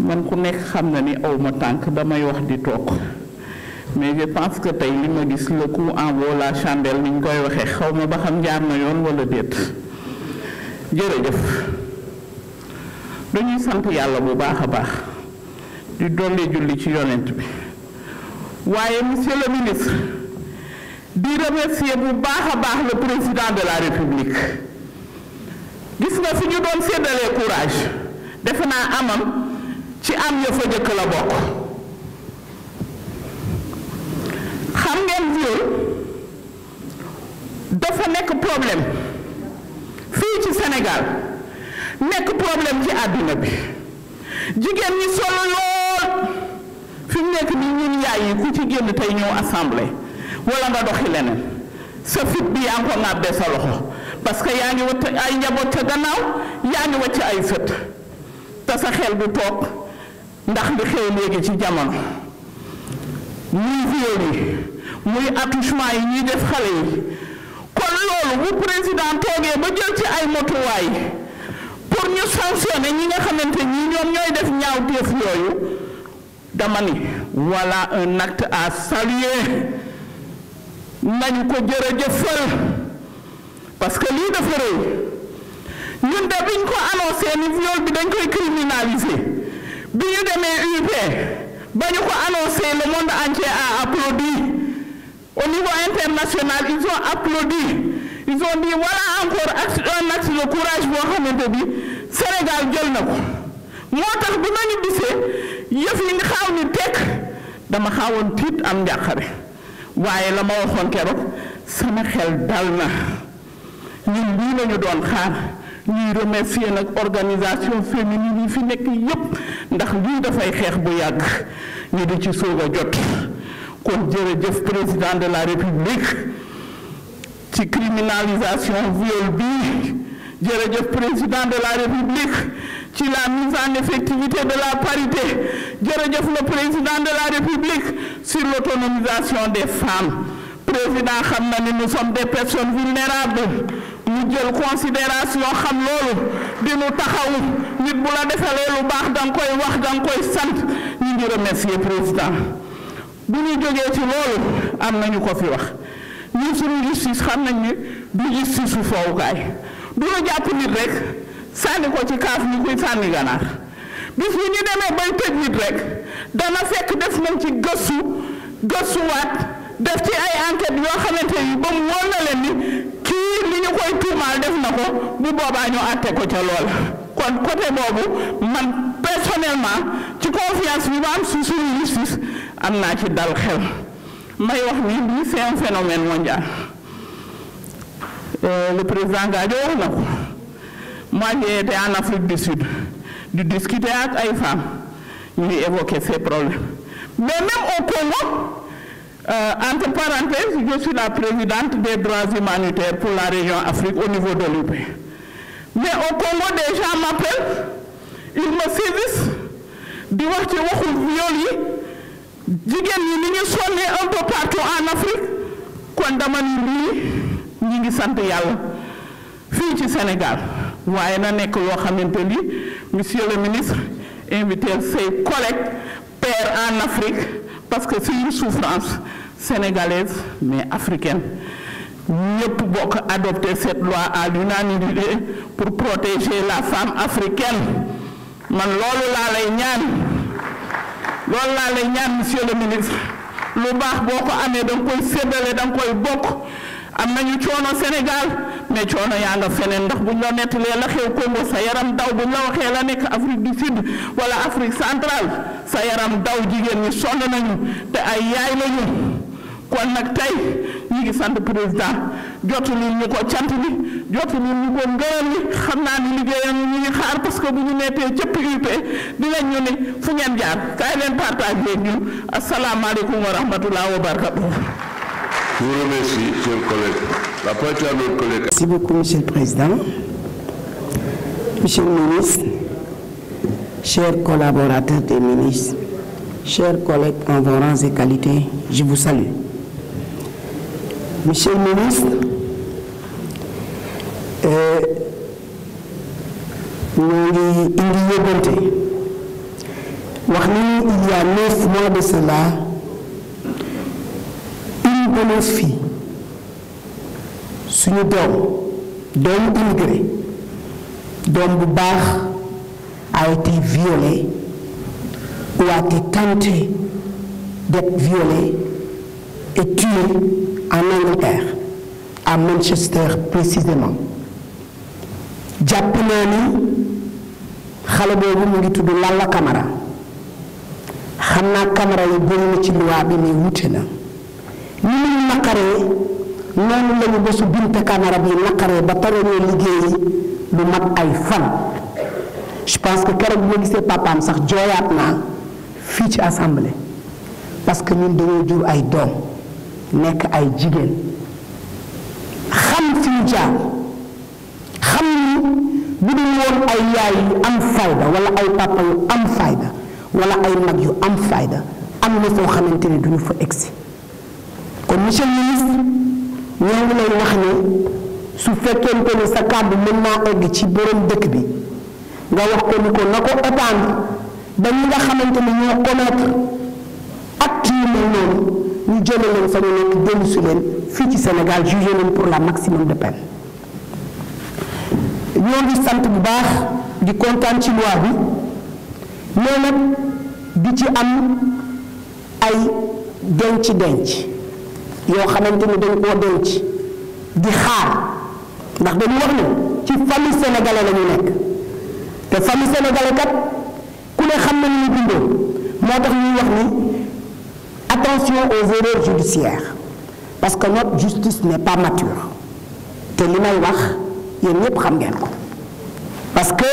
man ku nekk xam na ni aw ma tànk damay wax di toog mais je pense que tey li ma gis le coup en vaut la chandelle ni ñu koy waxee xaw ma ba xam jaar na yoon wala déet jërëjëf dañuy sant yàlla bu baax a baax di dolli julli ci yonent bi waaye monsieur le ministre di remercier bu baax a baax le président de la république gis nga fi ñu doon séddalee courage defe naa amam ci am ya fa jëkk la bokk xam ngeen viol dafa nekk problème fii ci Sénégal nekk problème ci àddina bi jigéen ñi solo lool fi mu nekk nii ñun yaay ku ci génn tey ñëw assemblée wala nga doxi leneen sa fit bi yaa ngi ko parce que yaa ay njaboot ca gannaaw yaa ngi ci ay sët te sa xel bu toog ndax li xew léegi ci jamono muy viol yi muy attouchement yi ñuy def xale yi kon loolu bu président toogee ba jël ci ay motuwaay pour ñu sanctionner ñi nga xamante ñi ñoom ñooy def ñaawteef yooyu dama ni voilà un acte à saluer nañu ko jërëjëfal parce que lii dafa rëy ñun de biñ ko annoncé ni bi dañ koy criminaliser bi ñu demee UP ba ñu ko annoncé le monde entier a applaudi au niveau international ils ont applaudi ils ont dit voilà encore un acte de courage boo xamante bi Sénégal jël na ko moo tax bi ma ñu gisee nga xaaw ni tekk dama xaawoon tiit am njàqare waaye la ma waxoon keroog sama xel dal na ñun lii lañu doon xaar ñuy remercier nag organisation féminine yi fi nekk yépp ndax lii dafay xeex bu yàgg ñu di ci soog a jot kon jëf président de la république ci criminalisation viol bi jërëjëf président de la république ci la mise en effectivité de la parité jërëjëf le président de la république sur l'autonomisation des femmes président xam na ni nous sommes des personnes vulnérables ñu jël considération xam loolu di nu taxawu nit bu la defalee lu baax danga koy wax danga koy sant ñu ngi remercier président bu ñu jógee ci loolu am nañu ko fi wax ñun suñu justice xam nañ ne du justice su foowukaay du ñu jàpp nit rek sànni ko ci kaaf ñu kuy sànni ganaar bis bi ñu demee bay tëj nit rek dana fekk def nañ ci gëstu gëstuwaat def ci ay enquête yoo xamante yi ba mu wóor na leen ni kii li ñu koy tuumaal def na ko bu boobaa ñu àtte ko ca lool kon côté boobu man personnellement ci confiance bi ma am si suñu am naa ci dal xel may wax ni lii c'est phénomène mondial euh, le président Gadio wax na ko moi j'ai été en Afrique du Sud di discuter ak ay femmes ñuy évoquer ces problèmes mais même au Congo Euh, entre parenthèses, je suis la présidente des droits humanitaires pour la région Afrique au niveau de l'UP. Mais au Congo, des gens m'appellent, ils me saisissent, di wax ci waxu viol jigéen ni ñu sonnee un peu en Afrique kon dama lii ñi ngi sant yàlla fii ci Sénégal waaye na nekk loo xamante ni monsieur le ministre invité ses collègues pères en Afrique parce que c'est une souffrance sénégalaise mais africaine ñëpp bokk adopté cette loi à l'unanimité pour protéger la femme africaine man loolu laa lay ñaan loolu laa lay ñaan monsieur le ministre lu baax boo ko amee da nga koy séddale da koy bokk am nañu coono Sénégal ne coono yaa nga feneen ndax buñ la nettalee la xew Congo sa yaram daw buñ la waxee la nekk Afrique du Sud wala Afrique centrale sa yaram daw jigéen ñi sonn nañu te ay yaay lañu kon nag tey ñi ngi sant président jotuñu ñu ko cant bi jotuñu ñu ko ngërëm li xam naa ni liggéeyam ñu ngi xaar parce que bu ñu nettee cëpp UP dinañ ñu ni fu ngeen jaar kaay leen partagé ñun asalaamaaleykum wa rahmatullah wa barakatuh Je vous Monsieur le Président. Monsieur le ministre, chers collaborateurs des ministres, chers collègues en vos je vous salue. Monsieur le ministre, ñoo euh, ngi indi yóbbante wax ni il y a neuf mois de cela menace fii suñu doom doomu immigré doom bu baax a été violé ou a été tenté d'être violé et tué en Manchester précisément jàpp naa ni xale boobu mu ngi tudd Lalla Camara xam naa Camara yi bëri na ci loi bi mais wute na. naqaree noonu lañu bésu Binta Camara bi naqaree ba taroonoo liggéeyi lu mat ay fan je pense que keroog bi ma gisee papaam sax jooyaat naa fii ci assemblée parce que ñun dañoo jur ay doom nekk ay jigéen xam fi ñu xam ni bu dul woon ay yaay yu am fayda wala ay papa yu am fayda wala ay mag yu am fayda am na foo xamante ne duñu fa egsi kon monsieur le ministre ñoo ngi lay wax ne su fekkente ne sa kàddu mën naa egg ci borom dëkk bi nga wax ko ni ko na ko étendre ba nga xamante ni ñoo connaître actes yu mel noonu ñu jële leen fa ñu nekk dellu si leen fii ci Sénégal jugé leen pour la maximum de peine ñoo ngi sant bu baax di kontaan ci loi bi mais nag di ci am ay denc denc yoo xamante ni dañ koo denc di xaar ndax dañu wax ni ci famille sénégalais la nekk te famille sénégalais kat ku ne xam na ni ñu bindoo moo tax ñuy wax ni attention aux erreurs judiciaires parce que notre justice n'est pas mature te li may wax yoon ñépp xam ngeen ko parce que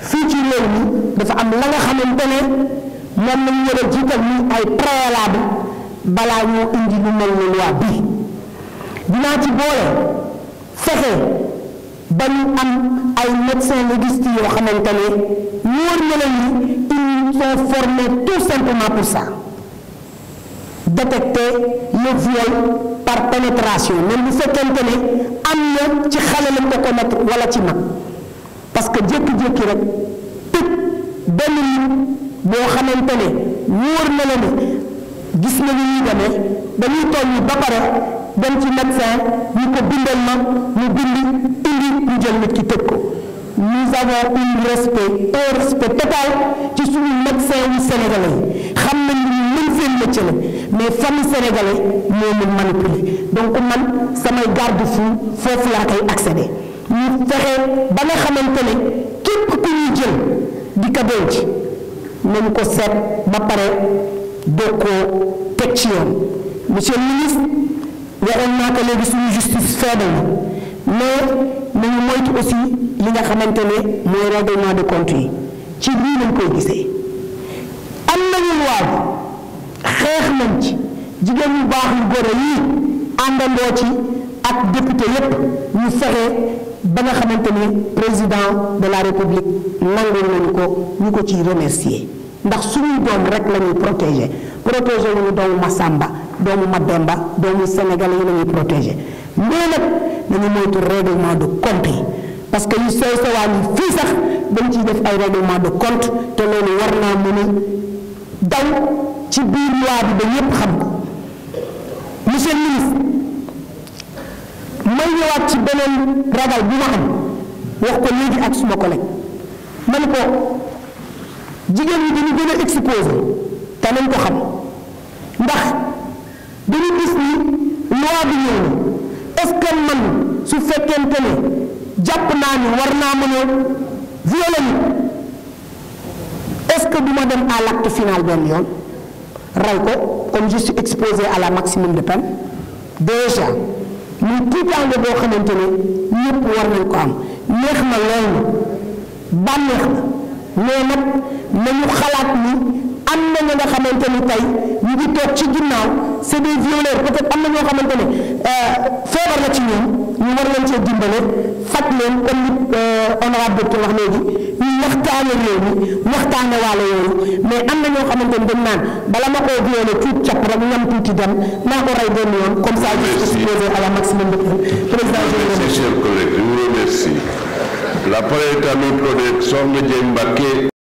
fii ci réew mi dafa am la nga xamante ne moom lañu war a jiital ni ay préalable balaa ñoo indi lu mel ne loi bii dinaa ci boole fexe ba ñu am ay médecins légistes yoo xamante ne wóor na leen ni ils sont formés tout simplement pour ça détecter le par pénétration même bu fekkente ne am na ci xale ko commettre wala ci mag parce que jékki-jékki rek tëj benn nit boo xamante ne wóor na la gis na ni ñuy demee dañuy toll ba pare dem ci médecin ñu ko bindal ma mu bind indi ñu jël nit ki tëj ko nous avons respect un respect ci suñu médecin yu sénégalais yi xam nañ ni ñu mën seen métier la mais famille sénégalais moo mun manipuler donc man samay garde fou foofu laa koy accéder ñu fexe ba nga xamante ne képp ku ñuy jël di ko denc nañu ko seet ba pare. doo ko teg ci yoon monsieur ministre waxoon naa ko léegi suñu justice faible na mais nañu moytu aussi li nga xamante ne mooy règlement de compte yi ci lii lañ koy gisee am nañu loi xeex nañ ci jigéen ñu baax yu góor yi àndandoo ci ak député yépp ñu fexe ba nga xamante ni président de la république nangul nañu ko ñu ko ciy remercier ndax su suñuy doom rek la ñuy protégé protégé wu ñu doomu Masamba doomu Mademba doomu Sénégal yi la ñuy protégé mais nag dañu moytu règlement de compte yi parce que yu sew sewaan yi fii sax dañ ciy def ay règlement de compte te loolu war naa mën a daw ci biir loi bi ba ñépp xam ko monsieur le ministre may ñëwaat ci beneen ragal bu ma am wax ko léegi ak suma collègue man ko jigéen ñi dañu gën a exposé te nañ ko xam ndax dañu gis ni loi bi ñëw na est man su fekkente ne jàpp naa ni war naa mën a violer nit est-ce que du ma dem à l'acte final benn yoon ray ko comme je exposé à la maximum de peine déjà muy tiitaange boo xamante ne ñëpp war nañ ko am neex na lool na bànneex na mais nag nañu xalaat ni am na ña nga xamante ni tey ñu ngi toog ci ginnaaw c'est des violeurs peut-être am na ñoo xamante ne euh, feebar la ci ñoom ñu war leen cee dimbale faj leen comme li euh, honorable docteur wax léegi ñu waxtaane réew mi waxtaane waale yooyu mais am na xamante ni dañ naan bala ma koo violé tuut cap rek tuuti dem naa ko rey benn yoon comme ça je suis exposé à la maximum de président je vous remercie la pare tamit peut être soxna